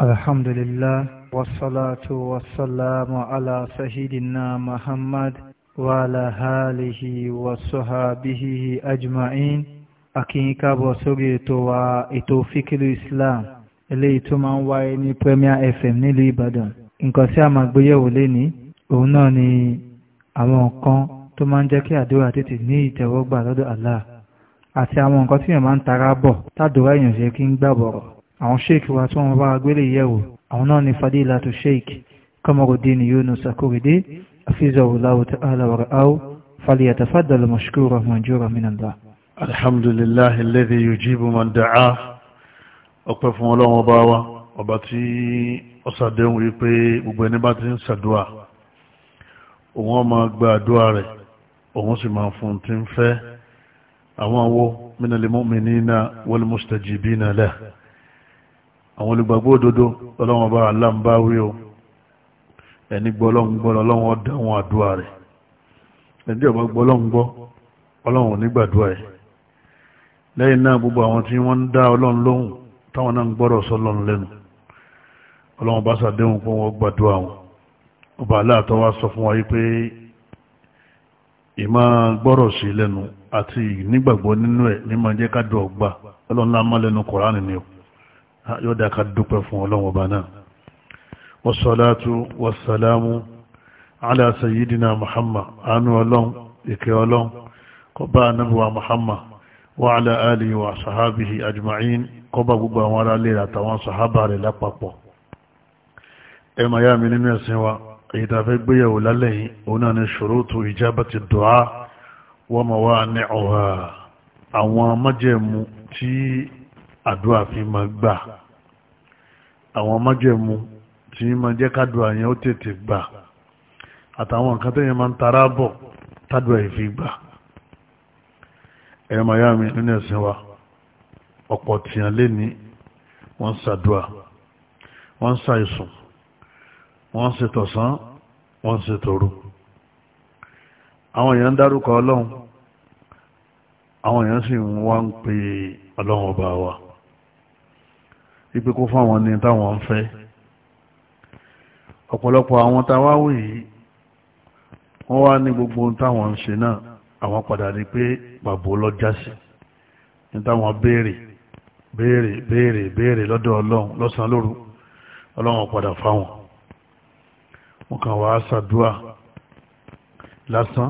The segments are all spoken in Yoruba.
الحمد لله والصلاة والسلام على سيدنا محمد وعلى آله وصحابه أجمعين أكينك بوسوري توا ètò Fikiru Islam eléyìí tó máa ń wáyé ní Premier FM nílùú Ìbàdàn nǹkan tí a máa gbéyẹ̀wò lénìí òun náà ni àwọn nǹkan tó máa ń jẹ́ kí àdúrà tètè ní ìtẹ́wọ́gbà lọ́dọ̀ Allah àti àwọn nǹkan tí èèyàn máa ń tara bọ̀ tádùúrà èèyàn ṣe kí ń gbàbọ̀rọ̀ àwọn sheikh wa tí wọ́n bá gbélé yẹ̀wò àwọn náà ni fadilatu sheikh Kamaruddin Yunus Akorede afizahullahu ta'ala wa ra'ahu falyatafaddal mashkuran manjuran min Allah alhamdulillahi alladhi yujibu man da'a ọpẹ́ fún Ọlọ́run ọba wa ọba tí ó ṣàdéhùn wípé gbogbo ẹni bá ti ń ṣàdúà òun ó máa gba àdúà rẹ̀ òun sì máa fún tí ń fẹ́ àwọn wo minal mu'minina wal àwọn olùgbàgbọ́ òdodo ọlọ́wọ́n bá aláǹbá wí o ẹni gbọ́ ọlọ́run gbọ́ ọlọ́wọ́n dá wọn àdúrà rẹ̀ ẹni ọba gbọ́ ọlọ́run gbọ́ ọlọ́run nígbàdúrà ẹ̀ lẹ́yìn náà gbogbo àwọn tí wọ́n ń dá wa sọ fún wa yí pé ìmá gbọ́rọ̀ sí lẹ́nu àti nígbàgbọ́ nínú ẹ̀ ní máa jẹ́ ká ọgbà ọlọ́run má lẹ́nu Kùránì ni o yóò dá ká dúpẹ́ fún ọlọ́run ọba náà wasalaatu wasalaamu ala sayyidina muhammad anu ọlọ́run ìkẹ́ ọlọ́run kọba anabuwa muhammad wa ala alihi wa sahabihi ajma'in kọba gbogbo àwọn ará lè àtàwọn sahaba rẹ̀ lápapọ̀ ẹ ma yá mi àdúrà fi máa gbà àwọn májẹ̀mú tí máa jẹ́ kádùá yẹn ó tètè gbà àtàwọn nǹkan tẹ́yìn máa ń tara bọ̀ tádùá yìí fi gbà ẹ̀rọ màyá mi nínú ẹ̀sìn wa ọ̀pọ̀ tìyàn lé ní wọ́n ń ṣàdúà wọ́n ń ṣàìsùn wọ́n ń ṣètọ̀sán wọ́n ń ṣètòru àwọn èèyàn ń dárúkọ ọlọ́run àwọn èèyàn sì ń wá ń pe ọlọ́run ọba wa ipe kó fún àwọn ní táwọn ń fẹ́ ọ̀pọ̀lọpọ̀ àwọn táwáwì yìí wọ́n wá ní gbogbo táwọn ń ṣe náà àwọn padà rí pé pàbó lọ́jàsí ní táwọn béèrè béèrè béèrè béèrè lọ́dọ̀ ọlọ́run lọ́sàn lóru ọlọ́run padà fáwọn wọ́n kàn wá ṣàdúà lásán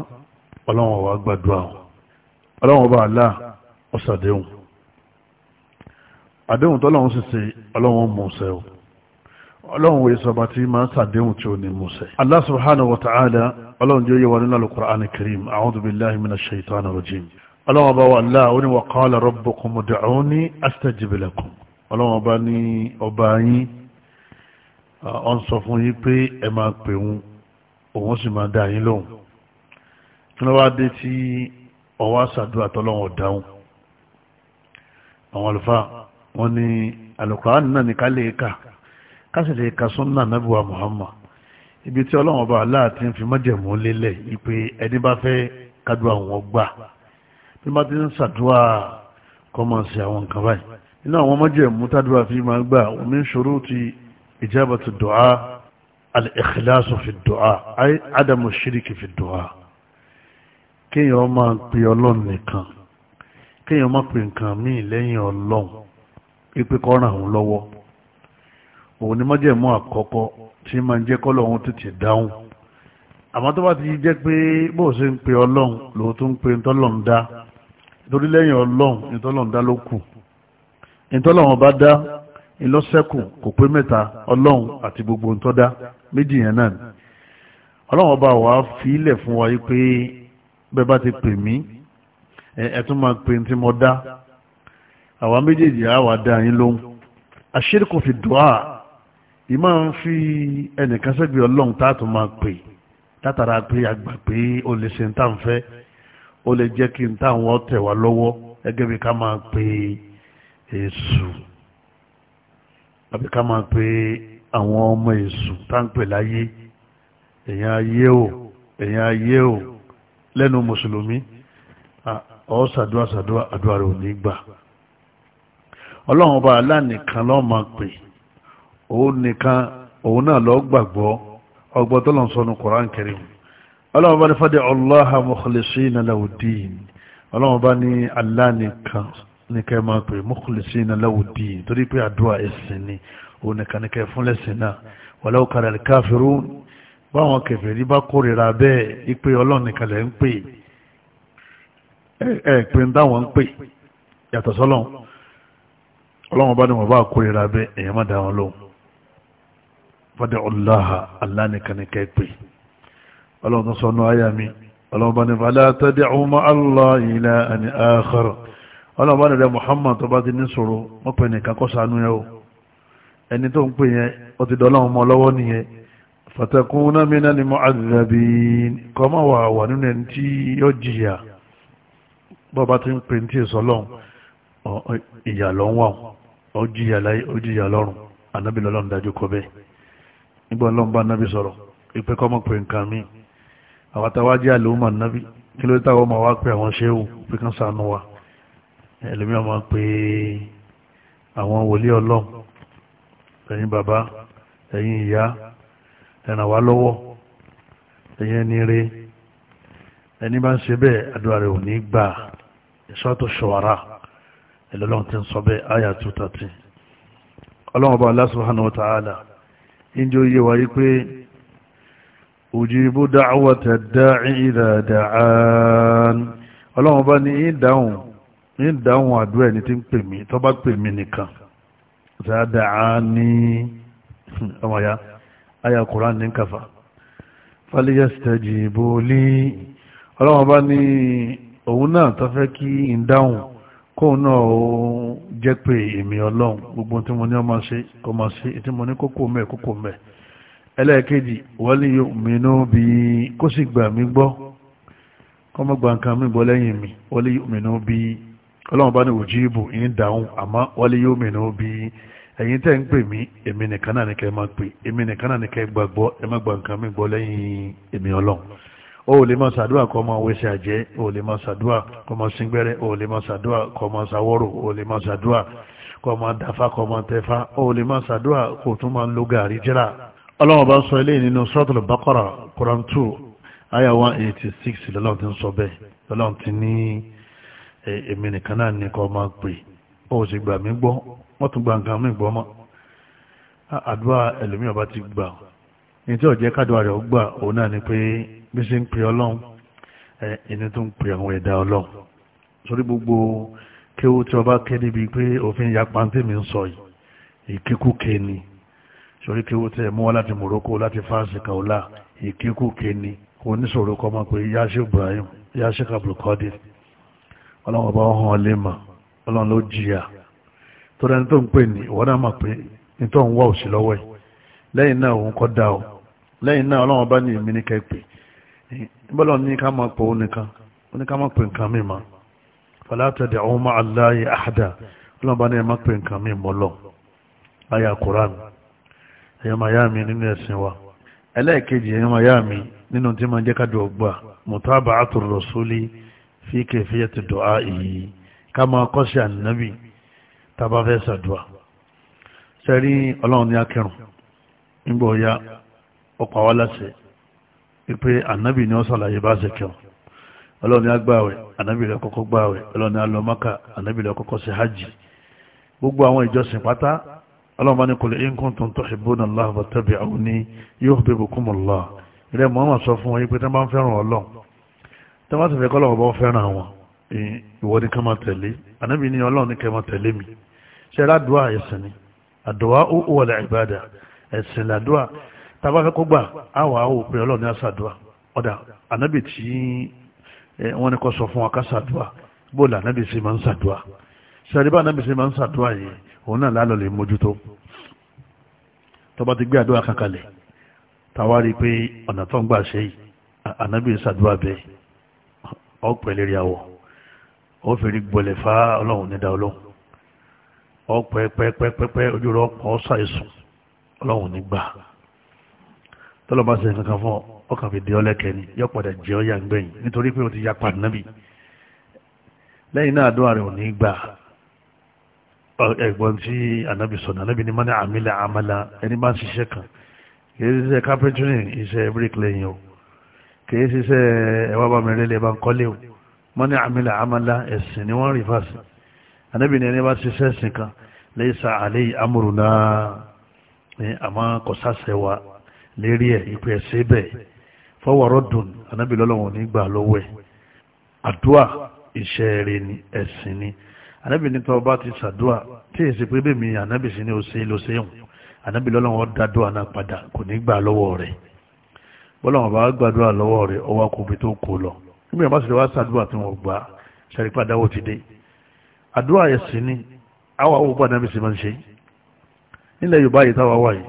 ọlọ́run wá gbàdúà wọn ọlọ́run bá àlá ọ̀sàdéhùn àdéhùn tọ́lọ́run sì ṣe ọlọ́run mọ̀ọ́sẹ́ o ọlọ́run wo ìsọba tí máa ń sàdéhùn tí ó ní mọ̀ọ́sẹ́. Allah subhanahu wa ta'ala ọlọ́run jẹ́ yẹwà nínú al-Qur'an al-Karim a'udhu billahi minash shaitanir rajim. ọlọ́run ọba wa Allah ó ní wa qala rabbukum ud'uni astajib lakum ọlọ́run ọba ní ọba yín ọ ń àwọn àlùfáà wọ́n ní alukuran náà ní ká lè ka ká sì lè ka sunna nabuwa muhammad ibi tí ọlọ́run ọba aláàtí ń fi májẹ̀mú lélẹ̀ ìpè ẹni bá fẹ́ kádùá wọn gbà bí wọ́n ti ń ṣàdúrà kọ́ máa ṣe àwọn nǹkan báyìí nínú àwọn májẹ̀mú tádùá fi máa gbà omi ń ṣòro ti ìjábàtì dùá al-ikhlasu fi dùá adamu shiriki fi dùá kéèyàn máa pe ọlọ́run nìkan kéèyàn máa pe nǹkan míì lẹ́yìn ọlọ́run ipe kọ́ran òun lọ́wọ́ òun ni májẹ̀mú àkọ́kọ́ tí máa ń jẹ́ kọ́lọ̀ òun tètè dáhùn àmọ́ tó bá ti jẹ́ pé bó ṣe ń pe ọlọ́run lòun tó ń pe ntọ́lọ́run dá torí lẹ́yìn ọlọ́run ntọ́lọ́run dá ló kù ntọ́lọ́run bá dá ìlọ́sẹ́kù kò pé mẹ́ta ọlọ́run àti gbogbo ntọ́dá méjì yẹn náà ni ọlọ́run ọba wa fi ilẹ̀ fún wa yí pé bẹ́ẹ̀ bá ti pè mí ẹ̀ ẹ̀ tún máa pe ntí mo dá àwọn méjèèjì àwà dá yín lóhun àṣírkù fi dùá ìmọ̀ ń fi ẹnìkan sẹ́gbẹ̀ẹ́ ọlọ́run táàtù máa pè látara pé àgbà pé o lè ṣe nta nfẹ́ o lè jẹ́ kí nta wọn tẹ̀ wá lọ́wọ́ ẹgẹ́ bí ká máa pè èṣù àbí ká máa pè àwọn ọmọ èṣù tá ń pè láyé èèyàn ayé o èèyàn ayé o lẹ́nu mùsùlùmí ọ̀ ṣàdúrà ṣàdúrà àdúrà rẹ̀ ò ní gbà ọlọ́run ọba aláǹkan ló máa pè òun nìkan òun náà ló gbàgbọ́ ọgbọ́n tó lọ́n sọnù Qur'an Karim ọlọ́run ọba ní fàdé Allaha mukhlisina lawuddin ọlọ́run ọba ní aláǹkan nìkẹ́ máa pè mukhlisina lawuddin torí pé àdúrà ẹ̀sìn ni òun nìkan nìkẹ́ fúnlẹ̀sìn náà walau kara al-kafirun báwọn kèfèrí bá kórìíra bẹ́ẹ̀ ipe ọlọ́run ọlọ́run bá ní wọn bá kórìíra bẹ́ èèyàn má da wọn lóhùn fọ́dẹ̀ ọláha alánìkanìkẹ́ pé ọlọ́run tó sọ ní àyà mi ọlọ́run bá ní fàlá tẹ́dẹ̀ ọmọ allah ilẹ̀ àni àkọrọ̀ ọlọ́run bá ní rẹ̀ muhammad tó bá ti ní sọ̀rọ̀ wọ́n pè ní kakọ́sánú yẹn o ẹni tó ń pè yẹn ó tí ń pè ní tí ì sọ́lọ́run ó jìyà láyé ó jìyà lọ́run ànábì lọ́lọ́run dájú kọ bẹ́ẹ̀ nígbà ọlọ́run bá ànábì sọ̀rọ̀ ìpè kọ́mọ pé nǹkan mi àwọn táwa jẹ́ àlòmọ̀ ànábì kí ló táwọn ọmọ wa pé àwọn ṣéwù pé kán sànú wa ẹlòmíràn máa pé àwọn wòlíì ọlọ́run ẹ̀yin bàbá ẹ̀yin ìyá ẹ wá lọ́wọ́ ẹ̀yin ẹni rẹ ẹni bá ń ṣe bẹ́ẹ̀ àdúrà rẹ̀ ò ní gbà ìṣọ́tò ṣọ̀wárà ẹlọ́lọ́run ti ń sọ bẹ́ẹ̀ àyà 213 ọlọ́run ọba Allah subhanahu wa ta'ala injọ yé wa yí pé ujibu da'wata da'i idha da'an ọlọ́run ọba ní ìdáhùn ìdáhùn àdúrà ẹni tí ń pè mí tó bá pè mí nìkan dáadáa ní ọmọ ya kó náà ó jẹ́ pé èmi ọlọ́run gbogbo tí mo ní ọmọ ṣe ọmọ ṣe tí mo ní kókó mẹ́ kókó mẹ́ ẹlẹ́ẹ̀kejì wọ́lé yòmínú bí kó sì gbà mí gbọ́ kọ́ mọ́ gba nǹkan mi gbọ́ lẹ́yìn mi wọ́lé yòmínú bí ọlọ́run bá ní òjì ìbò ìyín dáhùn àmọ́ wọ́lé yòmínú bí ẹ̀yin tẹ́ ń pè mí èmi nìkan náà ní kẹ́ máa pè èmi nìkan náà ní kẹ́ gbàgbọ́ ẹ má gba nǹkan mi gbọ́ lẹ́yìn èmi ọlọ́run o lè máa ṣàdúrà kọ́ máa wẹ̀ṣẹ̀ àjẹ́ o lè máa ṣàdúrà kọ́ máa síngbẹ́rẹ́ o lè máa ṣàdúrà kọ́ máa ṣàwọ́rò o lè máa ṣàdúrà kọ́ máa dáfá kọ́ máa tẹ́fá o lè máa ṣàdúrà kò tún máa ń lo gàrí jẹ́ra ọlọ́run bá ń sọ ilé nínú suratul Baqara Quran two aya one eighty six lọ́lọ́run ti ń sọ bẹ́ẹ̀ lọ́lọ́run ti ní èmi nìkan náà ní kọ́ máa pè o sì gbà mí gbọ́ wọ́n tún gbà nǹkan mí gbọ́ mọ́ àdúrà ní tí ọ̀jẹ́ kádùá rẹ̀ gbà òun náà ni pé bí ṣe ń pè ọlọ́run ẹni tó ń pè àwọn ẹ̀dá ọlọ́run sórí gbogbo kéwú tí ọba ké níbi pé òfin ya pàǹtí mi ń sọ yìí ìkékúké ni sórí kéwú tí ẹ̀ mú wá láti Morocco láti fáàsì kàólà ìkékúké ni oníṣòro kọ́ máa pé yáṣẹ́ Ibrahim yáṣẹ́ kabulukọ́dé ọlọ́run ọba ọ̀hún ọlẹ́mà ọlọ́run ló jìyà tó dáni tó ń pè ní ìwọ́n náà máa pé nítorí òun wá òsì lọ́wọ́ ẹ̀ lẹ́yìn náà òun kọ́ dá o lẹ́yìn náà ọlọ́run bá ní èmi ní kẹ́pẹ́ bọ́lọ̀ ní ká máa pọ̀ oníkan oníkan máa pè nǹkan mímọ́ fàlátàdì àwọn ọmọ aláyé àhádà ọlọ́run bá ní ẹ̀má pè nǹkan mímọ́ lọ àyà koran ẹ̀yọ́mà yá mi nínú ẹ̀sìn wa ẹlẹ́ẹ̀kejì ẹ̀yọ́mà yá mi nínú tí máa jẹ́ kádùn ọgbà mùtábà àtúrọ̀ sólí fi kẹfẹ́ ti dọ̀á èyí ká máa kọ́ sí tábà fẹ́ sàdùà sẹ́rí ọlọ́run ní akẹrùn nígbà ọ̀yá ọ̀pá wa láṣẹ wípé ànábì ni ó sàlàyé bá ṣe kẹun ọlọ́run ni agbáwẹ̀ ànábì rẹ̀ kọ́kọ́ gbáwẹ̀ ọlọ́run ni alọ́mọ́kà ànábì rẹ̀ kọ́kọ́ ṣe hajj gbogbo àwọn ìjọsìn pátá ọlọ́run bá ní qul in kuntum tuhibbuna Allaha fattabi'uni yuhbibkumullah ilẹ̀ Muhammad sọ fún wọn yìí pé tán bá ń fẹ́ràn ọlọ́run tán bá sì fẹ́ kọ́lọ́run bá ń fẹ́ràn ẹ̀sìn ni tàbá fẹ́ kó gbà àwọ̀ àwọ̀ òpin ọlọ́ọ̀ni àṣàdùà ọ̀dà ànábì tí wọ́n ní kọ́ sọ fún wa ká ṣàdùà bóòlù ànábì sì máa ń ṣàdùà ṣàdùbà ànábì sì máa ń ṣàdùà yìí òun náà lálọ́ lè mójútó tó bá ti gbé àdúrà kankalẹ̀ tàwárí pé ọ̀nà tó ń gbà ṣe yìí ànábì ṣàdùà bẹ́ẹ̀ ọ pẹ̀lẹ́ rí àwọ̀ ó fèrè gbọ́lẹ̀ fá ọlọ́run nígbà tọ́lọ́ bá ṣe kankan fún ọ ọkàn fi di ọ lẹ́kẹ̀ẹ́ ni yọ padà jẹ́ ọ yà ń gbẹ̀yìn nítorí pé o ti yapa nábì lẹ́yìn náà àdúrà rẹ̀ ò ní gbà ẹ̀gbọ́n tí ànábì sọ̀nà ànábì ní mọ́nà àmìlà àmàlà ẹni bá ń ṣiṣẹ́ kan kìí ṣiṣẹ́ carpentering iṣẹ́ bricklaying o kìí ṣiṣẹ́ ẹ̀wá bá mi rẹ́lẹ̀ bá ń kọ́lé o mọ́nà àmìlà àmàlà ẹ̀sìn ni wọ́n rí fàṣì ànábì ní ẹni bá ṣiṣẹ́ ẹ̀sìn kan lẹ́yìn sa àlẹ́ amúrùnà àmọ́ kọ̀sáṣẹ́ wa lérí ẹ̀ ìpè ẹ̀sẹ̀ bẹ́ẹ̀ fọwọ́rọ́ dùn anábì lọ́lọ́wọ́n nígbà lọ́wọ́ ẹ̀ àdúà iṣẹ́ rẹ̀ ni ẹ̀sìn ni anábì nípa ọba ti sàdúà tí èsì pé bèmí anábì sí ni ó ṣe ló ṣeun anábì lọ́lọ́wọ́n dádúà náà padà kò ní gbà lọ́wọ́ rẹ̀ bọ́lọ́wọ́n bá gbàdúrà lọ́wọ́ rẹ̀ ọwọ́ akóbi tó kó lọ nígbà yẹn bá sì lè wá sàdúà tí wọ́n gbà sẹ́rí padà ó ti dé àdúà ẹ̀sìn ni àwọn àwọn òbí anábì sì máa ń ṣe nílẹ̀ Yorùbá yìí táwa wáyìí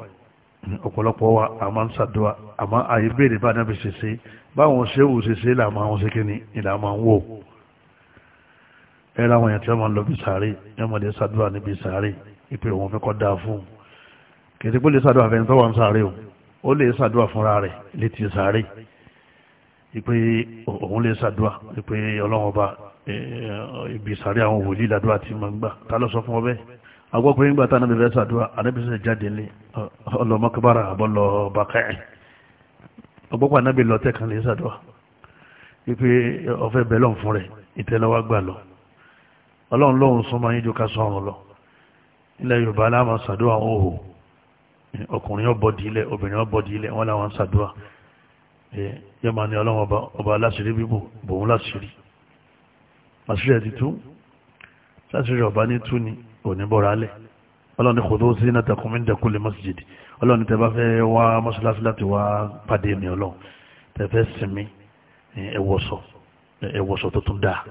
ọ̀pọ̀lọpọ̀ wa a máa ń ṣàdúrà àmọ́ àyè béèrè bá náà fi ṣe ṣe báwọn ṣéwù ṣe ṣe là máa ń ṣe kí ni ìlà máa ń wò ẹ̀rọ àwọn èèyàn tí wọ́n máa ń lọ bí sàárè ní ọmọdé ṣàdúrà níbi sàárè ìpè òun fẹ́ kọ́ dáa fún un kìí pé lè ṣàdúrà fẹ́ni tó ń sàárè o ó lè ṣàdúrà fúnra rẹ̀ létí sàárè ìpè òun lè ṣàdúrà ìpè ọlọ́run ọba ibi sàárè àwọn wòlíì agbọ́kùnrin gbà tánà bẹ̀rẹ̀ sàdúrà anábìsẹ̀ jáde ní ọlọ́mọkúbára àbọ́lọ bàkẹ́ẹ̀ ọgbọ́pọ̀ anábì lọ tẹ́kan lè sàdúrà wípé ọ̀fẹ́ bẹ̀ lọ́n fún rẹ̀ ìtẹ́lẹ́wà gbà lọ ọlọ́run lọ́hùn súnmọ́ yín ju ká sọ̀rùn lọ ilẹ̀ yorùbá aláàmà sàdúrà òhò ọkùnrin ọbọdì ilẹ̀ obìnrin ọbọdì ilẹ̀ wọn làwọn sàdúrà yẹ máa ní ọlọ́run ọba aláṣírí bíbù bòun ní tú ni òní bọ́ra lẹ̀ ọlọ́run ní kòtò sí náà takùn mí ń dẹkùn lè mọ́síjìdì ọlọ́run tẹ bá fẹ́ wá mọ́ṣáláṣí láti wá pàdé mi ọlọ́run tẹ fẹ́ sinmi ẹwọ́sọ ẹwọ́sọ tó tún dáa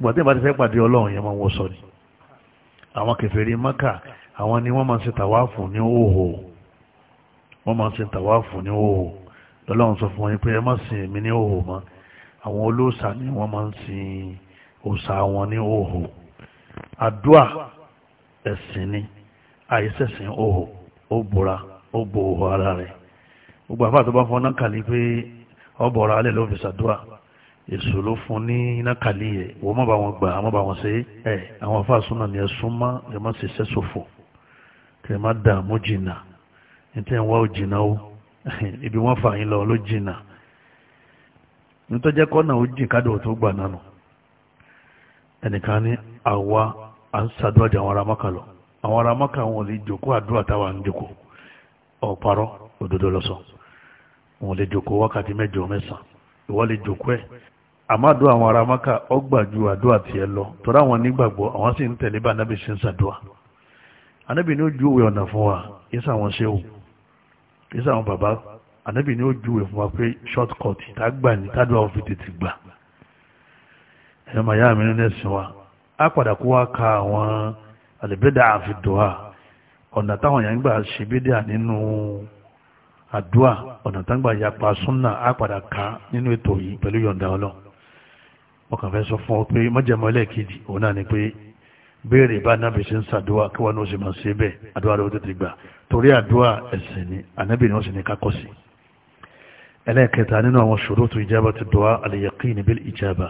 ìgbà tí ti fẹ́ pàdé ọlọ́run yẹn máa ń wọ́sọ ni àwọn kèfèrí maka àwọn ni wọ́n máa ń ṣe tàwáàfù ní òhò wọ́n máa ń ṣe tàwáàfù ní òhò lọ́lọ́run sọ fún wọn pé ẹ má sin ẹ̀sìn àìsẹ̀sìn òhò ó bora ó òhò ara rẹ̀ gbogbo àfáà tó bá fọ́n nákàlí pé ọbọ̀ra alẹ́ ló fi ṣàdúrà èso ló fún ní nákàlí yẹ wọ́n má bá wọn gbà á bá wọn ṣe ẹ̀ àwọn ni ẹ má ṣe sẹ́sọ̀fọ̀ kẹ má dààmú o ibi fà yín lọ ló kọ́nà ó jìn gbà ẹnìkan ní àwa à ń ṣàdúrà jẹ àwọn ará maka lọ àwọn ará maka wọn lè jòkó àdúrà táwa ń jòkó ọ̀parọ́ òdodo lọ́sọ̀ wọn lè jòkó wákàtí mẹ́jọ mẹ́sàn ìwọ lè jòkó ẹ̀ àmàdù àwọn ará maka ọgbà ju àdúrà tiẹ̀ lọ tọ́ra àwọn nígbàgbọ́ àwọn sì ń tẹ̀lé bá anábì ṣe ń ṣàdúrà anábì ní ó júwe ọ̀nà fún wa ìsà àwọn ṣéwù ìsà àwọn bàbá anábì ní ó júwe fún wa pé short cut tá gbà ní tádùá òfin tètè gbà ẹ̀rọ á padà kó wá ka àwọn àlèbédà àfidùá ọ̀nà táwọn èèyàn gbà ṣe bídíà nínú àdúà ọ̀nà táwọn gbà yapa súnà á padà ka nínú ètò yìí pẹ̀lú yọ̀ǹda ọlọ́ wọ́n kàn fẹ́ sọ fún ọ pé mọ́jẹ̀mọ́ ẹlẹ́ẹ̀kejì òun náà ni pé béèrè bá nábì ṣe ń sàdúà kí wọ́n ní ó máa ṣe bẹ́ẹ̀ àdúà ló tètè gbà torí àdúà ẹ̀sìn ni ànábì ni wọ́n sì ní kákọ́ sí ẹlẹ́ẹ̀kẹta nínú àwọn ṣòro tó ìjábà ti dùn á àlèyẹ̀kí ní bí ìjábà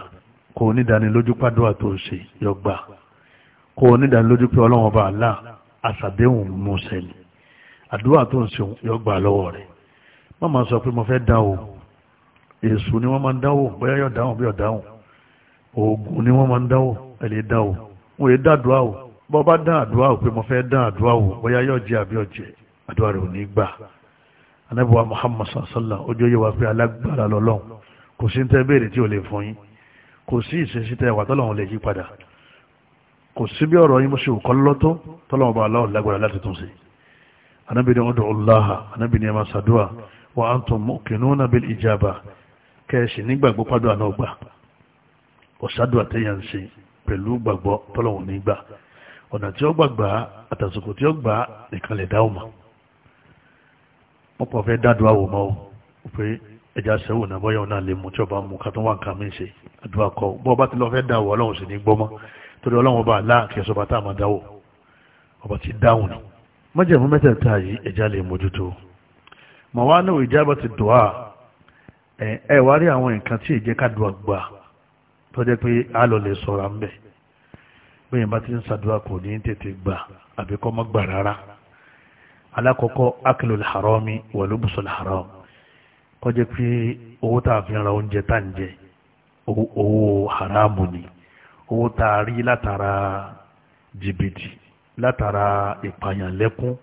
kò onídánilójú pàdúrà tó ṣe yọgbà kò onídánilójú pé ọlọ́wọ́n bá àlá àṣàdéhùn mọ̀ọ́sẹ̀ ni àdúrà tó ń ṣe yọgbà lọ́wọ́ rẹ̀ má máa sọ pé mo fẹ́ dá o èṣù ni wọ́n máa ń dáwò bóyá yọ̀ dáhùn bí yọ̀ dáhùn oògùn ni wọ́n máa ń dáwò ẹ̀lẹ́ dá o wọ́n yé dá àdúrà o bọ́ bá dá àdúrà o pé mo fẹ́ dá àdúrà o bóyá yọ̀ jẹ́ àbí ọ̀jẹ̀ àdúrà rẹ̀ ò ní gbà anábìwá Muhammad sallallahu ojú yẹ wá pé alágbára lọ́lọ́run kò sí ń tẹ́ béèrè tí ò lè fún yín kò sí ìṣesí tẹ wà tọ́lọ́run lè yí padà kò sí bí ọ̀rọ̀ yín bó ṣe kọ́ lọ́tọ́ tọ́lọ́run bá aláwọ̀ lágbára láti tún sí anábì ní ọdún ọláhà anábì ní ẹ máa ṣàdúrà wa antum muqinuna bil ijaba kẹ́ẹ̀sì nígbàgbọ́ pàdó àná gbà ọ̀ṣàdúrà tẹ́yàn ṣe pẹ̀lú gbàgbọ́ tọ́lọ́run ní gbà ọ̀nà tí ó gbàgbà àtàsùkò tí ó gbà nìkan fẹ́ dádùn àwòmọ́ o pé ẹja ṣẹ́wò náà bọ́yọ̀ náà lè mú tí ọba mú ká tó wà nǹkan mí ṣe àdúrà kọ bọ́ ọba tí lọ fẹ́ dáwọ́ ọlọ́run sì ní gbọ́mọ́ torí ọlọ́run ọba aláàkẹ́ sọba tá a máa ọba ti dáhùn ni májèmú mẹ́tẹ̀ẹ̀ta yìí ẹ̀já lè mójútó mọ̀ wá náà ìjábọ̀ ti dùn á ẹ̀ wá rí àwọn nǹkan tí ìjẹ́ ká dùn àgbà tó jẹ́ pé a lọ lè sọ̀rọ̀ à ń yẹn bá ti ń ṣàdúrà kò ní tètè gbà àbí kọ́ mọ́ gbà rárá alákọ̀ọ́kọ́ akilul harami wàlúbùsọ̀l haram kọjá pé owó tá ra oúnjẹ tá ń jẹ owó haramu ni owó tá a rí látara jìbìtì látara ìpààyàn lẹ́kún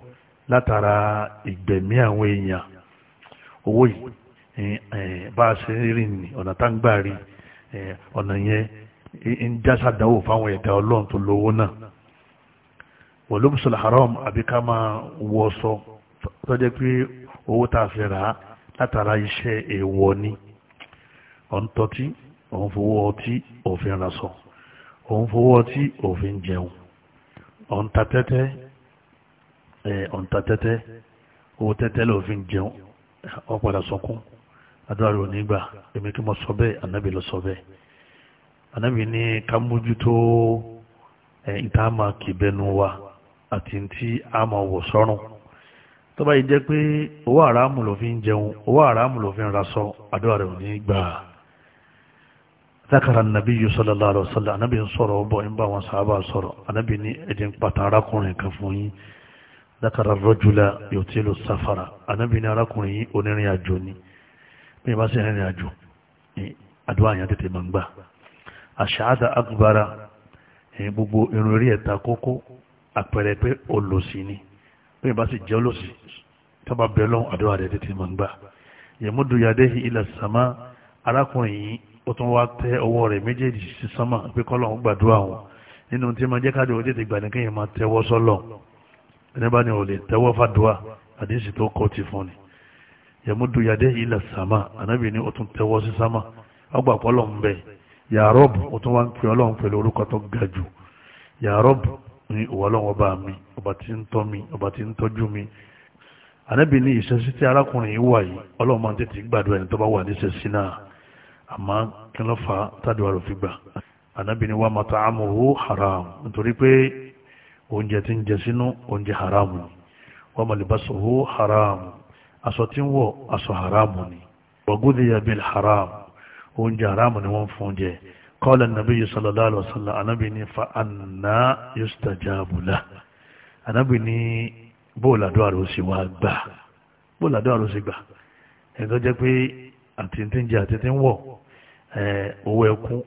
látara ìgbẹ̀mí àwọn èèyàn owó yìí bá a ṣe rí ni ọ̀nà tá ń rí ọ̀nà yẹn ń já sàdáwò fáwọn ẹ̀dá ọlọ́run tó lówó náà wọ̀lúbùsùlù haram àbí ká máa wọ sọ tọ́jẹ́ pé owó tá a fi rà látara iṣẹ́ èèwọ̀ ni ọ̀ntọ́tí òun fowó ọtí òfin raṣọ òun fowó ọtí òfin jẹun ọ̀ǹta tẹ́tẹ́ ọ̀ǹta tẹ́tẹ́ owó tẹ́tẹ́ lòfin jẹun ọ̀padà sọkún àdúrà rẹ̀ onígbà èmi kí mo sọ bẹ́ẹ̀ ànábì lọ sọ bẹ́ẹ̀ ànábì ní ká mójútó ìta máa kì bẹnu wa àti tí a máa wọ̀ sọ́rùn tó yìí jẹ́ pé owó àràmù lòfin jẹun owó àràmù lòfin raṣọ àdúrà rẹ̀ onígbà zakara nabi sallallahu alaihi wasallam anabi ń sọ̀rọ̀ ọbọ̀ ń bá wọn sábà sọ̀rọ̀ anabi ní ẹ̀dín pàtà arákùnrin kan fún yín zakara rọ́júlá yóò tí lò sáfara anabi ní arákùnrin yìí onírìn àjò ni bí i bá sí ìrìn àjò ní àdúrà yẹn tètè máa ń gbà àṣàádà agbára gbogbo irun orí ẹ̀ta kókó àpẹẹrẹ pé olòṣì ni bí i bá sì jẹ́ olòṣì tọ́ba bẹ́ẹ̀ lọ́hùn àdúrà rẹ̀ tètè máa ń gbà yẹmúdùyàdé ilẹ̀ sàmá arákùnrin yìí ó tún wá tẹ ọwọ́ rẹ̀ méjèèjì sí sánmà pé kọ́lọ́hún gbàdúrà wọn nínú tí máa jẹ́ káàdì òjò ti gbà ní kéèyàn máa tẹ́wọ́ sọ́lọ̀ ẹni bá ní ò lè tẹ́wọ́ fàdúrà àdéhùn tó kọ́ ti fún ni yẹmúdu yàdé ilẹ̀ sàmà ànábì ni ó tún tẹ́wọ́ sí sánmà ọgbà pọ́lọ̀ ń bẹ̀ yàrọ́bù ó tún wá ń pè ọlọ́run pẹ̀lú orúkọ tó ga jù yàrọ́bù ní ìwọlọ́run ọba mi ọba tí ń tọ́ mi ọba àmọ́ kí ló fà á tádùá rẹ̀ fi gbà ànábì ni wà mat'amuhu haram nítorí pé oúnjẹ tí ń jẹ sínú oúnjẹ haram ni wà malbasuhu haram aṣọ tí ń wọ̀ aṣọ haram ni wa ghudhiya bil haram oúnjẹ haram ni wọ́n fún jẹ qala an-nabiyyu sallallahu alaihi wasallam ànábì ni fa anna yustajabu lahu ànábì ni bóòlù àdúrà rẹ̀ ó sì gbà bóòlù àdúrà rẹ̀ gbà ẹ̀ tó jẹ́ pé àti tí ń jẹ owó ẹkún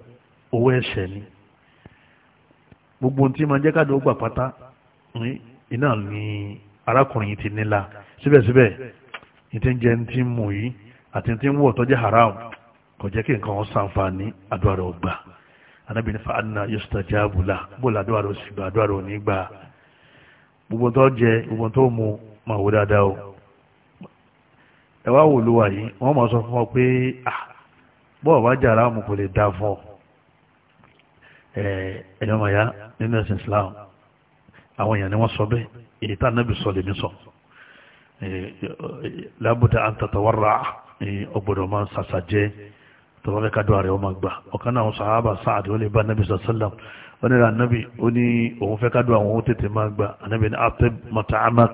owó gbogbo pátá iná ni arákùnrin ti nílà síbẹ̀síbẹ̀ jẹ ní mú yìí ti haram kò jẹ́ kí nǹkan wọn sàǹfààní àdúrà rẹ̀ ọgbà anábì anna fàánà yustajabu la bóòlù àdúrà rẹ̀ òsì gbà gbogbo jẹ o. ẹwà wò ló wà yìí wọ́n mọ̀ sọ fún ọ pé bọ́ọ̀ bá jà aráàmù kò lè dá fún ọ ẹ̀yọ́ nínú ẹ̀sìn Islam àwọn èèyàn ni wọ́n sọ bẹ́ẹ̀ èyí tá nábì sọ lèmi sọ lábùdá àǹtàtàwárà ọgbọ̀dọ̀ máa ń sàṣàjẹ́ tọ́wọ́ fẹ́ kádùn ààrẹ ọmọ gbà ọ̀kan náà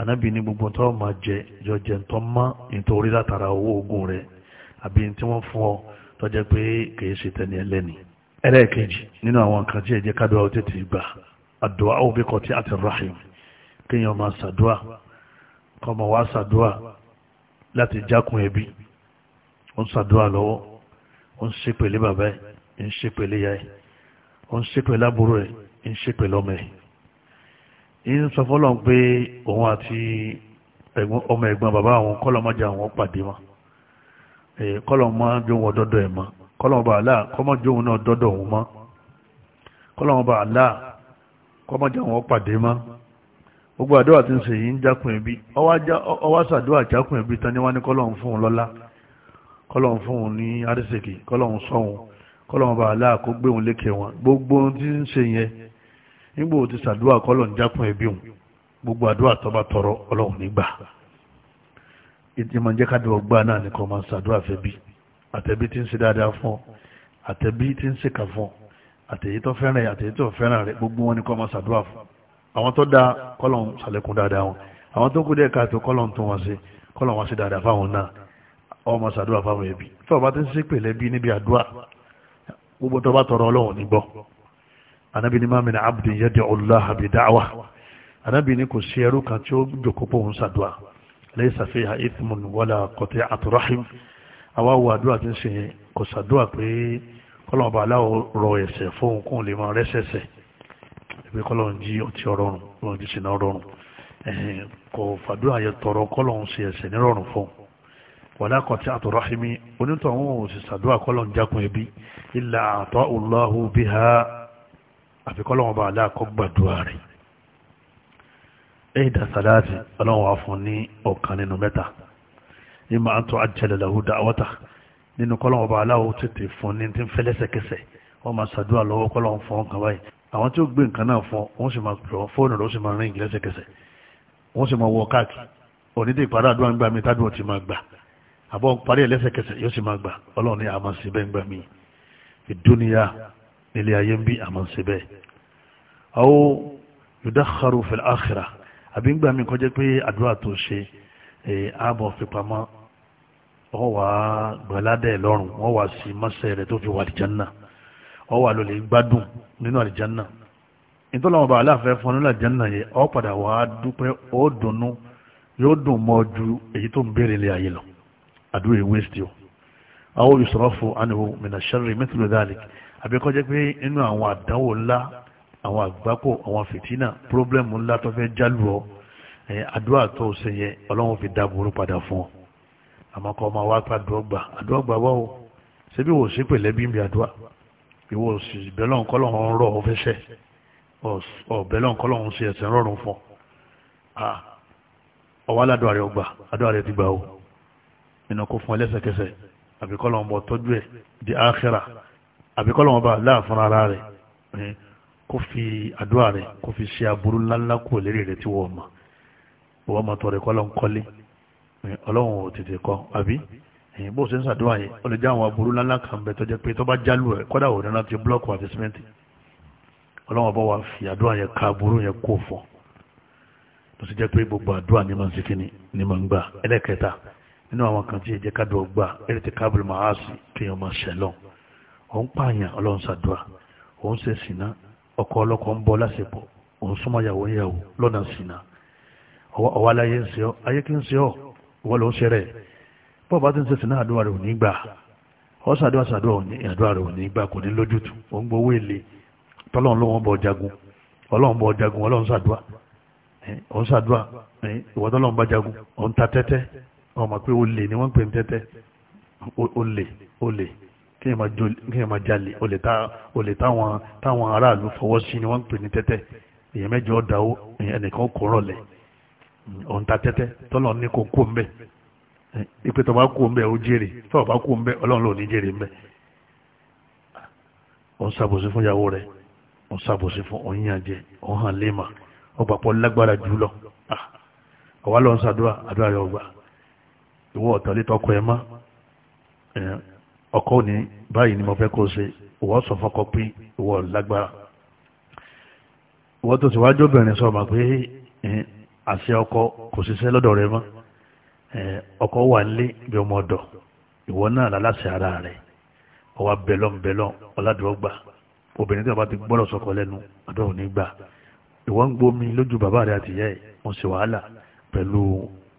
anábì ní gbogbo tó ma jẹ jọ jẹ tó mọ́ nítorí látara owó ogun rẹ̀ àbí tí wọ́n fún ọ tó jẹ́ pé kìí ṣe tẹni ẹlẹ́ni ẹlẹ́ẹ̀kejì nínú àwọn nǹkan tí ẹ̀jẹ̀ kádùá ó tètè gbà àdùá ó bí kọtí àti rahim kéèyàn máa ṣàdùá kọmọ wá ṣàdùá láti jákun ẹbí ó ń ṣàdùá lọ́wọ́ ó ń ṣépè lé bàbá ẹ̀ ń ṣépè lé yá ẹ̀ ó ń ṣépè lábúrò ẹ̀ ń ṣépè lọ́mọ ẹ̀ ń sọ fọ́lọ́n pé òun àti ọmọ ẹ̀gbọ́n bàbá àwọn kọ́lọ́mọ́jà àwọn pàdé mọ́ kọ́lọ́mọ́ jó wọn dọ́dọ̀ ẹ̀ mọ́ kọ́lọ́mọba àlá kọ́mọ́ jó wọn náà dọ́dọ̀ òun mọ́ kọ́lọ́mọba àlá kọ́mọ́jà àwọn pàdé mọ́ gbogbo àdúrà tí ń ṣe yìí ń jákun ẹbí ọwá sàdúrà jákun ẹbí tán ni wọ́n ní kọ́lọ́hún fún un lọ́lá kọ́lọ́hún fún un ní àrísìkí kọ́lọ́hún sọ́hún kọ́lọ́hún bá aláà kó gbé òun lékè wọn gbogbo ohun tí ń ṣe yẹn nígbà ó ti sàdúrà kọ́lọ̀ ń jákun ẹbí òun gbogbo àdúrà tó bá tọrọ ọlọ́run nígbà ìdí máa ń jẹ́ kádùn ọgbà náà nìkan máa ń sàdúrà fẹ́bí àtẹ̀bí tí ń ṣe dáadáa fún ọ àtẹ̀bí tí ń ṣèkà fún ọ àtẹ̀yí tó fẹ́ràn àtẹ̀yí tó fẹ́ràn rẹ gbogbo wọn nìkan máa sàdúrà fún àwọn tó dáa kọ́lọ̀ ń sàlẹ̀kùn dáadáa wọn àwọn tó kú díẹ̀ káàtó kọ́lọ̀ ń tún wọn ṣe kọ́lọ̀ wọn ṣe dáadáa fáwọn náà ọmọ sàdúrà fáwọn ẹbí tó o bá ti ń ṣépè lẹ́bí anábì ní máa mìíràn abdi yẹ́dẹ̀ ọláhà bí dáwà anábì ní kò sí ẹrú kan tí ó jòkó pòun sàdúà lẹ́yìn sàfihàn ithmun wọlá kọtẹ́ àtúráhìm àwa wo àdúrà tí ń sìn kò sàdúà pé kọ́lọ́mọba aláwọ̀ rọ ẹ̀sẹ̀ fóun kún lè máa rẹ́sẹ̀sẹ̀ ìpè kọ́lọ́n jí ọtí ọrọ̀rùn kọ́lọ́n jí sínú ọrọ̀rùn kò fàdúrà yẹ tọrọ kọ́lọ́n sí ẹ̀sẹ̀ nírọ̀rùn fóun wàlá kọtí àtúráhìm onítọ̀hún ò sì sàdúà kọ́lọ́n jákun ẹbí ilà àtọ́ àfikọ́ lọ́wọ́ bá aláàkọ́ gbàdúrà rẹ̀ ẹ̀yìn dàsàláàtì ọlọ́wọ́ wa fún ní ọ̀kan nínú mẹ́ta ní máa ń tọ́ àjẹlẹ̀ làwù dáwọ́ta nínú kọ́lọ́wọ́ bá aláwọ̀ tètè fún ní tí ń fẹ́ lẹ́sẹ̀kẹsẹ̀ wọ́n máa ṣàdúrà lọ́wọ́ kọ́lọ́wọ́ fún ọkàn báyìí àwọn tí ó gbé nǹkan náà fún wọn sì máa pè ọ́ fóònù rẹ̀ ó sì máa rìn lẹ́sẹ̀kẹsẹ̀ wọ́n sì máa wọ káàkiri onídìí ìpàdé àdúrà ń gbà mí tádùn ti máa gbà àbọ̀ parí ẹ̀ lẹ́sẹ̀kẹsẹ̀ yóò sì máa gbà ọlọ́run ní àmọ́ bẹ́ẹ̀ ń gbà mí ìdúnìyà nílé ayé ń bí àmọ́ ṣe bẹ́ẹ̀ aw yudakharu fil akhirah àbí ń gbà mí kọjá pé àdúrà tó ṣe ààbọ̀ fipamọ́ wọ́n wà gbọ́ládẹ́ lọ́rùn wọ́n wà sí mọ́sẹ̀ rẹ̀ tó fi wà àlìjánná wọ́n wà lọ́lẹ̀ gbádùn nínú àlìjánná ìtọ́lọ́wọ́n bá aláàfẹ́ fún nínú àlìjánná yẹ ọ́ padà wà á dúpẹ́ ó dùnnú yóò dùn mọ́ ju èyí tó ń béèrè lé ayé lọ àdúrà ìwé sí o àwọn olùsọ̀rọ̀ fún aniwo àbí kó jẹ́ pé inú àwọn àdánwò ńlá àwọn àgbákò àwọn fìtínà pírọ́blẹ́mù ńlá tó fẹ́ jálù ọ àdúrà tó ṣe yẹ ọlọ́run fi dá padà fún ọ àmọ́ kọ́ máa wá pa àdúrà àdúrà wá o ṣébí wò sí pẹ̀lẹ́bí ń bi àdúrà ìwọ òsì bẹ́lọ̀n kọ́lọ́run rọ̀ ọ fẹ́ṣẹ̀ ọ̀bẹ́lọ̀n kọ́lọ́run ṣe ẹ̀sẹ̀ rọrùn fún ọ ọwọ́ aládùn àrẹ ọgbà àdúrà rẹ ti gbà o ìnà kó fún ẹlẹ́sẹ̀kẹsẹ̀ àbí kọ́lọ́wọ́n bá láàfin ara rẹ̀ eh, kó fi àdúrà rẹ̀ kó fi ṣe aburú ńláńlá kú lérí rẹ̀ tí wọ́n mọ̀ wọ́n mọ̀ tọrẹ kọ́ lọ́n kọ́lé eh, ọlọ́run ò tètè kọ́ àbí eh, bó ṣe ń ṣàdúrà yẹn ó lè já àwọn aburú ńláńlá kan bẹ tó pé tó bá jálù ẹ̀ kọ́dà ò rẹ́ná ti búlọ́ọ̀kù àti ọlọ́run bá wà fi àdúrà yẹn ka aburú yẹn kó fọ́ tó ṣe jẹ́ pé gbogbo àdúrà ní máa ń ṣe kíni ní máa ń gbà ẹlẹ́kẹta nínú àwọn kan tí ìjẹ́kádùn ọgbà ẹ̀rẹ́tì kábùlù máa á kéèyàn máa ṣẹlọ́ọ̀ òun pààyàn ọlọ́run ṣàdúrà òun ṣe sìnà ọkọ ọlọ́kọ ń bọ́ lásìkò òun súnmọ́ ìyàwó lọ́nà sìnà ọwọ́ aláyé ń ṣe ọ́ ayé kí ń ṣe ọ́ ló ń ṣe rẹ̀ bá ti ń ṣe àdúrà rẹ̀ gbà àdúrà rẹ̀ gbà kò ní lójútu òun èlé ló wọ́n jagun ọlọ́run kéèyàn máa jalè olè táwọn aráàlú fọwọ́ sí ni wọ́n ń pè ní tẹ́tẹ́ èèyàn mẹ́jọ ọ̀dà ó ẹnìkan kò rọlẹ̀ ọ̀ǹta tẹ́tẹ́ tọ́lọ̀ ní kò kó mbẹ́ ìpè tó bá kó mbẹ́ ó jèrè tó bá kó mbẹ́ ọlọ́run ló ní jèrè mbẹ́ ọ̀n ṣàbòsí fún ìyàwó rẹ̀ ọ̀n ṣàbòsí fún ọ̀yìnyànjẹ ọ̀hàn lẹ́mà ọgbàpọ̀ lágbára jùlọ ah, àwa lọ́n ṣàdúrà àdúrà yọ̀gbà ìwọ ọ̀tọ̀lẹ́tọ̀kọ̀ ọkọ ní báyìí ni mo fẹ́ kó ṣe ìwọ sọ fọkọ pé ìwọ lágbára ìwọ tó ti wájú obìnrin sọ ma pé àṣẹ ọkọ kò ṣiṣẹ́ lọ́dọ̀ rẹ mọ́ ọkọ wà nílé bí ọmọ ọ̀dọ̀ ìwọ náà láláṣẹ ara rẹ ọwọ́ bẹ̀lọ́n bẹ̀lọ́n ọ̀làdúrógbà obìnrin tí wọ́n bá ti gbọ́dọ̀ sọkọ lẹ́nu àdóhùn nígbà ìwọ ń gbómi lójú bàbá rẹ àtìyá ẹ̀ wọ́n ṣe wàhálà pẹ̀lú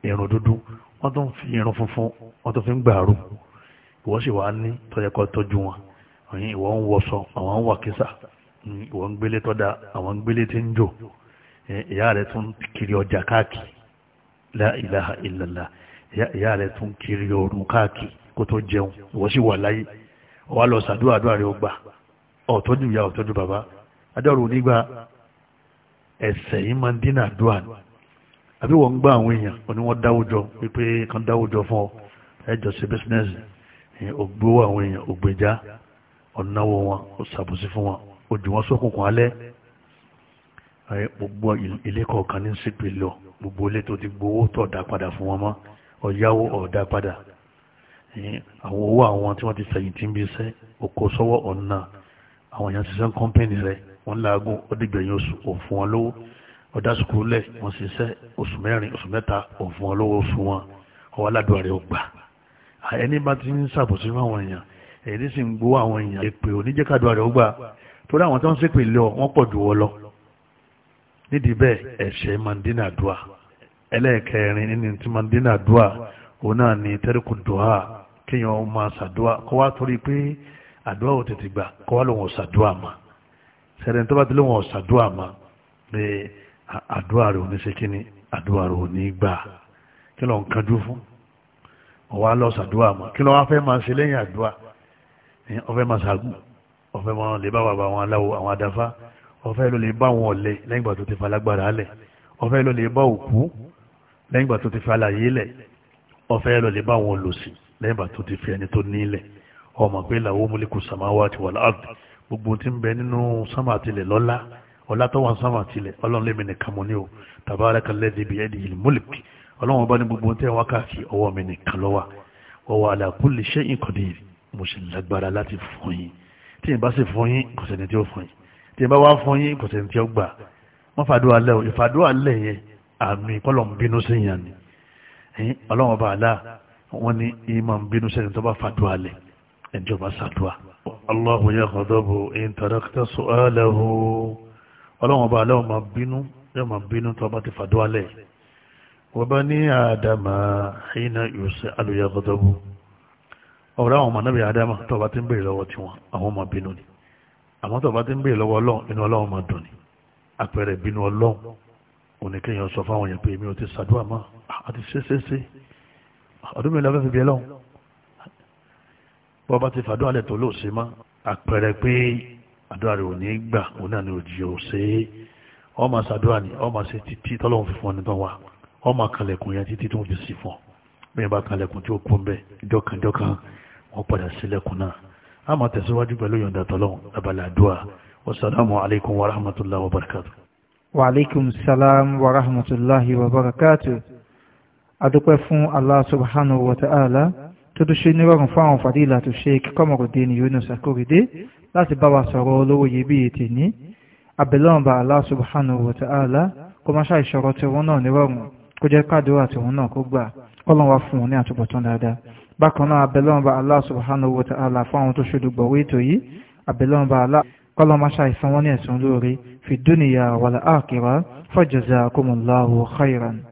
irun dúdú wọ́n tún fi irun funfun wọ́n tún fi ń gbàrú ìwọ sì wá ní tọ́jà tọ́jú wọn ọ̀yìn àwọn ń wà gbélé tọ́dá àwọn gbélé tí ń jò ìyá rẹ̀ tún kiri ọjà káàkiri la ìyá rẹ̀ tún kiri oòrùn káàkiri kó tó jẹun wọ́n sì wà láyé wà lọ ọ̀tọ́jú ìyá ọ̀tọ́jú bàbá onígbà ẹ̀sẹ̀ yìí máa ń dínà àdúrà ògbówó àwọn èèyàn ògbèjá e ọ̀nàwó wọn ó ṣàbòsí fún wọn ó jù wọn sókùnkùn alẹ́ gbogbo ilé kọ̀ọ̀kan ní sípè lọ gbogbo ilé tó ti gbowó tó ọ̀dà padà fún wọn mọ́ ọ̀yáwó ọ̀dà padà àwọn owó àwọn tí wọ́n ti fẹ̀yìntì ń bí iṣẹ́ òkò sọ́wọ́ ọ̀nà àwọn èèyàn ti sẹ́ kọ́ńpẹ́nì rẹ̀ wọ́n láàgùn ọdígbẹ̀yìn oṣù òfun wọn lówó ọ̀dà sùkúrú lẹ̀ wọ́n ṣiṣẹ́ oṣù mẹ́rin oṣù mẹ́ta òfun wọn lówó oṣù wọn ọwọ́ aládùn rẹ̀ ọgbà ẹni bá ti ń ṣàbòsí fún àwọn èèyàn ẹni sì ń gbowó àwọn èèyàn èpè oníjẹ́kàdúrà rẹ̀ ó gbà torí àwọn tó ń ṣépè lọ wọ́n pọ̀ jù wọ́ lọ nídìí bẹ́ẹ̀ ẹ̀ṣẹ̀ mandina dua ẹlẹ́ẹ̀kẹrin nínú ti mandina dua òun náà ni tẹ́ríkù dua kéèyàn máa ṣàdúà kó wá torí pé àdúà ò tètè gbà kó wá lòun ṣàdúà mà sẹ́rẹ̀ tó bá ti lòun ṣàdúà mà pé àdúà rẹ̀ ò ní ṣe kíni àdúà rẹ̀ ò ní gbà kí lóun kanjú fún ọwọ́ alọ́sàdúrà mọ́ kí lọ́wọ́ fẹ́ máa ṣe lẹ́yìn àdúrà ọfẹ́ máa ṣàgùn ọfẹ́ máa lè bá bàbá àwọn aláwo àwọn adáfá ọfẹ́ ló lè bá àwọn ọ̀lẹ lẹ́yìn ìgbà tó ti falágbára alẹ̀ ọfẹ́ ló lè bá òkú lẹ́yìn ìgbà tó ti fi alàyè lẹ̀ ọfẹ́ ló lè bá àwọn olòṣì lẹ́yìn ìgbà tó ti fi ẹni tó nílẹ̀ ọmọ pé làwọn múlẹ̀kù sàmáwá ti wà láàbù gbogbo tí ń bẹ nínú sámà tilẹ̀ lọ́lá ọlá sámà tilẹ̀ ọlọ́run lèmi nìkan mọ́ ní o tàbá alákàlẹ́ ọlọ́wọ́n bá ní gbogbo tẹ́ wá káàkiri ọwọ́ mi nìkan lọ́wà ọwọ́ ala kulli shay'in qadir mo sì lágbára láti fún yín tí n bá sì fún yín kò sẹ́ni tí ó fún yín tí n bá wá fún yín kò tí ó gbà wọ́n fàdúrà lẹ́ o ìfàdúrà lẹ́ yẹn àmì kọ́lọ̀ ń bínú sí yàn ni ẹ̀yìn ọlọ́wọ́n bá àlá wọ́n ní ìmọ̀ ń bínú sẹ́ni tó bá fàdúrà lẹ̀ ẹ̀jọ̀ bá sàdúrà. Allahu yaghdabu in tarakta su'alahu ọlọ́wọ́n bá àlá wọn máa bínú yóò máa bínú وبني آدم حين يسأل يغضب ọ̀rọ̀ àwọn ọmọ náà adama tó bá ti ń bèèrè lọ́wọ́ tiwọn àwọn ọmọ bínú ni àmọ́ tó bá ti ń bèèrè lọ́wọ́ ọlọ́run inú ọlọ́run máa dùn ni àpẹẹrẹ bínú ọlọ́run oníkéèyàn sọ fáwọn èèyàn pé èmi ò ti ṣàdúrà mọ́ àti ṣéṣeṣe ọdún mélòó fẹ́ẹ́ fi bí ẹ lọ́hùn bọ́ bá ti fàdúrà lẹ̀ tó lò sí mọ́ àpẹẹrẹ pé àdúrà rẹ̀ ò ní gbà òun náà ni òjì ò ṣe é ọmọ ṣàdúrà ni ọmọ ṣe títí tọ́lọ́run fi ọmọ kalẹ̀kùn yẹn títí tó ń fi sí fún bí wọ́n bá kalẹ̀kùn tí ó kún bẹ́ẹ̀ jọ́kànjọ́kàn wọ́n padà sílẹ̀kùn náà a máa tẹ̀síwájú pẹ̀lú yọ̀ǹda tọ́lọ́hún abala àdúrà wasalaamu alaykum wa rahmatulahi wa barakatu. wa aleykum salaam wa rahmatulahi wa barakatu. adúpẹ́ fún allah subhanahu wa ta'ala tó tún ṣe nírọ̀rùn fún àwọn fàdílà tó ṣe Kamaruddin Yunus Akorede láti bá wa sọ̀rọ̀ olówó iyebíye tèmi abẹ́lẹ́ ọ̀nba allah subhanahu wa ta'ala kó má ṣàìṣọ̀rọ̀ tí wọ́n náà kó jẹ́ pàdó àti òun náà kó gbà kọ́lọ́n wá fún òun ní àtúbọ̀tán dáadáa bákan náà abẹ́lọ́n bá Allah subhanahu wa ta'ala fún àwọn tó ṣe dùgbọ̀wé ètò yìí abẹ́lọ́n bá Allah kọ́lọ́n ní ẹ̀sùn lóore fi dúnìyà wal akhirah fa